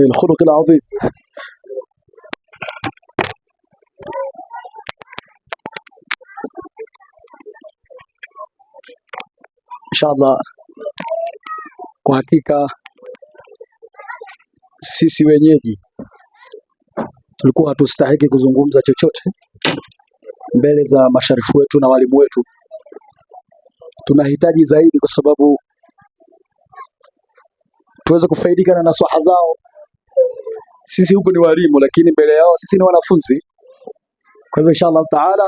الخلق العظيم الله kwa hakika sisi wenyeji tulikuwa hatustahiki kuzungumza chochote mbele za masharifu wetu na walimu wetu. Tunahitaji zaidi, kwa sababu tuweze kufaidika na nasaha zao sisi huku ni walimu, lakini mbele yao sisi ni wanafunzi. Kwa hivyo insha taala,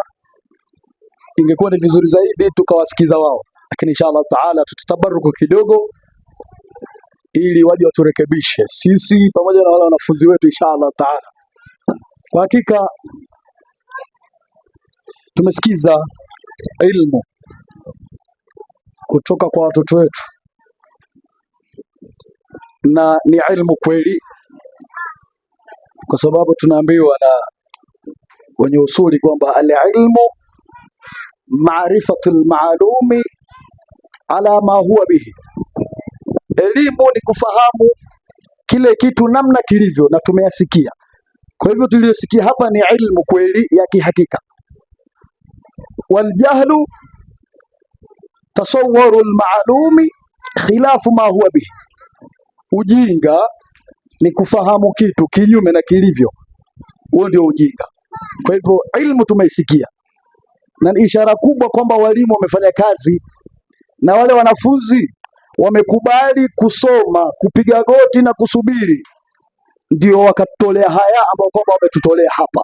ingekuwa ni vizuri zaidi tukawasikiza wao, lakini insha taala tutatabaruku kidogo, ili waje waturekebishe sisi pamoja na wale wanafunzi wetu insha taala. Kwa hakika tumesikiza ilmu kutoka kwa watoto wetu na ni ilmu kweli kwa sababu tunaambiwa na wenye usuli kwamba alilmu maarifatu lmaalumi ala ma huwa bihi, elimu ni kufahamu kile kitu namna kilivyo, na tumeyasikia. Kwa hivyo tuliyosikia hapa ni ilmu kweli ya kihakika. Waljahlu tasawaru lmaalumi khilafu ma huwa bihi, ujinga ni kufahamu kitu kinyume na kilivyo. Huo ndio ujinga. Kwa hivyo ilmu tumeisikia, na ni ishara kubwa kwamba walimu wamefanya kazi na wale wanafunzi wamekubali kusoma, kupiga goti na kusubiri, ndio wakatutolea haya ambao kwamba wametutolea hapa,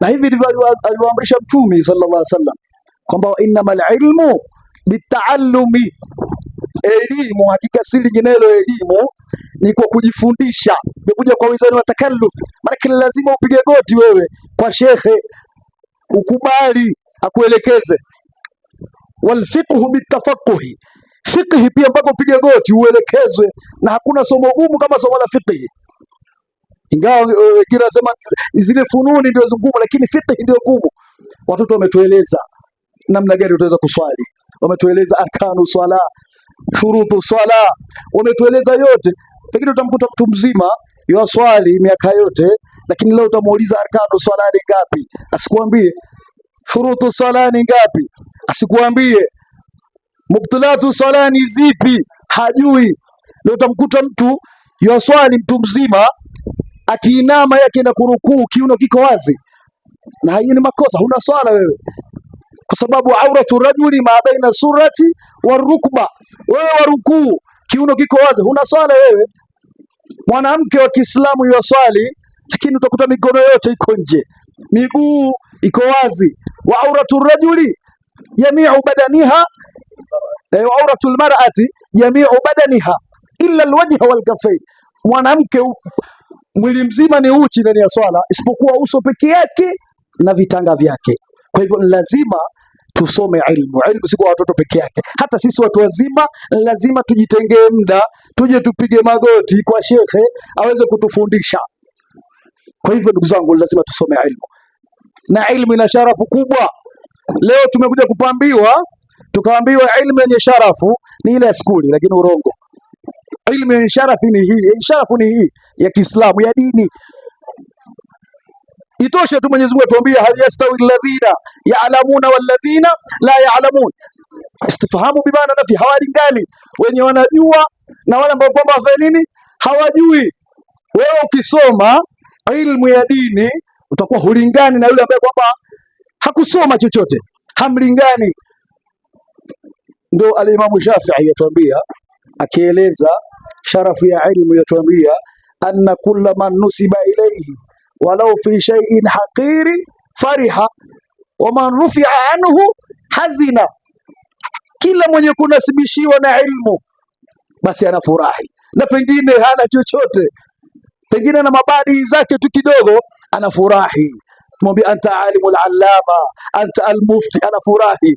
na hivi ndivyo alivyoamrisha Mtume sallallahu alaihi wasallam kwamba innamal ilmu bitaallumi Elimu hakika si linginelo, elimu ni kwa kujifundisha. Imekuja kwa wizani wa takalluf, maanake lazima upige goti wewe kwa shekhe, ukubali akuelekeze. Walfiqhu bitafaquhi, fiqhi pia mpaka upige goti uelekezwe, na hakuna somo gumu kama somo la fiqhi ingawa eh, wengine wanasema zile fununi ndio ngumu, lakini fiqh ndio ngumu. Watoto wametueleza namna gani utaweza kuswali, wametueleza arkanu swala, shurutu swala, wametueleza yote. Pengine utamkuta mtu mzima swali miaka yote, lakini leo utamuuliza arkanu swala ni ngapi, asikuambie. Shurutu swala ni ngapi, asikuambie. Mubtilatu swala ni zipi, hajui. Leo utamkuta mtu swali mtu mzima akiinama yake na kurukuu, kiuno kiko wazi, na hii ni makosa, huna swala wewe kwa sababu auratu rajuli ma baina surati wa rukba. Wewe warukuu, kiuno kiko wazi, huna swala wewe. Mwanamke wa Kiislamu yuwaswali, lakini utakuta mikono yote iko nje, miguu iko wazi. Wa auratu rajuli jamiu badaniha eh, wa auratu almar'ati jamiu badaniha illa alwajha walkafain. Mwanamke mwili mzima ni uchi ndani ya swala, isipokuwa uso peke yake na vitanga vyake. Kwa hivyo lazima tusome ilmu. Ilmu si kwa watoto peke yake, hata sisi watu wazima lazima tujitengee muda, tuje tupige magoti kwa shekhe aweze kutufundisha. Kwa hivyo ndugu zangu, lazima tusome ilmu, na ilmu ina sharafu kubwa. Leo tumekuja kupambiwa, tukaambiwa ilmu yenye sharafu ni ile ya skuli, lakini urongo. Ilmu yenye sharafu ni hii, sharafu ni hii ya Kiislamu, ya dini Itoshe tu Mwenyezi Mungu atuambia hal yastawi alladhina ya'lamuna walladhina la ya'lamun. Istifhamu bi maana nafi, hawalingani wenye wanajua na wale ambao kwamba wafanya nini hawajui. Wewe ukisoma ilmu ya dini utakuwa hulingani na yule ambaye kwamba hakusoma chochote, hamlingani. Ndo alimamu Shafi'i yatuambia akieleza sharafu ya ilmu, yatuambia anna kulla man nusiba ilayhi walau fi shay'in haqiri fariha wa man rufia anhu hazina, kila mwenye kunasibishiwa na ilmu basi anafurahi, na pengine hana chochote, pengine na mabadi zake tu kidogo, anafurahi. Mwambie anta alimul allama, anta almufti, anafurahi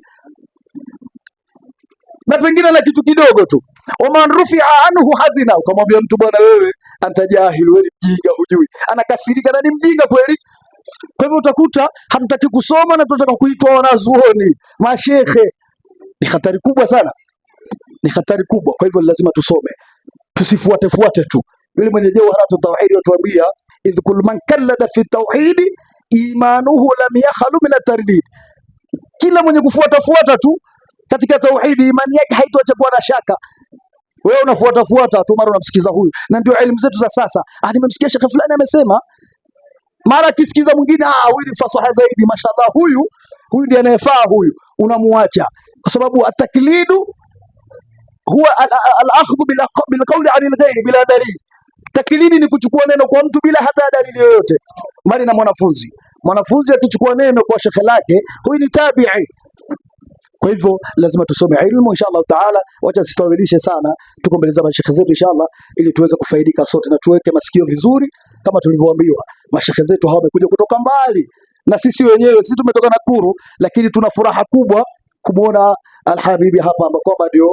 na pengine na kitu kidogo tu. Waman rufia anhu hazina, ukamwambia mtu bwana, wewe antajahil, wewe ni mjinga, hujui. Anakasirika na ni mjinga kweli. Kwa hivyo utakuta hamtaki kusoma na tunataka kuitwa wanazuoni, mashehe. Ni hatari kubwa sana, ni hatari kubwa. Kwa hivyo lazima tusome, tusifuate fuate tu. Yule mwenye jawharatu tauhidi watuambia, idh kul man kallada fi tauhidi imanuhu lam yakhlu min at-tardid, kila mwenye kufuata fuata tu katika tauhidi, imani yake haitochepua na shaka. Wewe unafuata fuata tu, mara unamsikiza huyu, na ndio elimu zetu za sasa. Ah, nimemsikia shekhe fulani amesema, mara akisikiza mwingine, ah, huyu ni fasaha zaidi, mashallah, huyu huyu ndiye anayefaa huyu, unamuacha kwa sababu ataklidu huwa al-akhdhu bil qawli an al-ghayri bila dalil. Taklidi ni kuchukua neno kwa mtu bila hata dalili yoyote, mbali na mwanafunzi. Mwanafunzi akichukua neno kwa shekhe lake, huyu ni tabi'i kwa hivyo lazima tusome ilmu inshallah taala, wacha sitawilishe sana, tuko mbele za mashekhe zetu inshallah, ili tuweze kufaidika sote na tuweke masikio vizuri, kama tulivyoambiwa mashekhe zetu hao wamekuja kutoka mbali, na sisi wenyewe sisi tumetoka Nakuru, lakini tuna furaha kubwa kumuona Alhabibi hapa ambapo kwamba ndio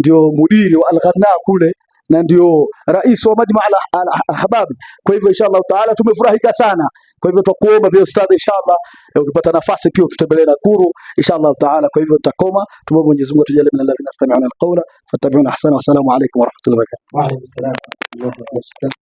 ndio mudiri wa Alghana kule na ndio rais wa Majma al Ahbabi. Kwa hivyo inshallah taala tumefurahika sana. Kwa hivyo tutakuomba pia ustadhi, inshallah ukipata nafasi pia tutembelee Nakuru inshallah taala. Kwa hivyo tutakoma, tumwombe Mwenyezi Mungu tujalie min alladhina yastami'una alqawla fattabi'una ahsana. Wassalamu alaykum wa rahmatullahi wa barakatuh.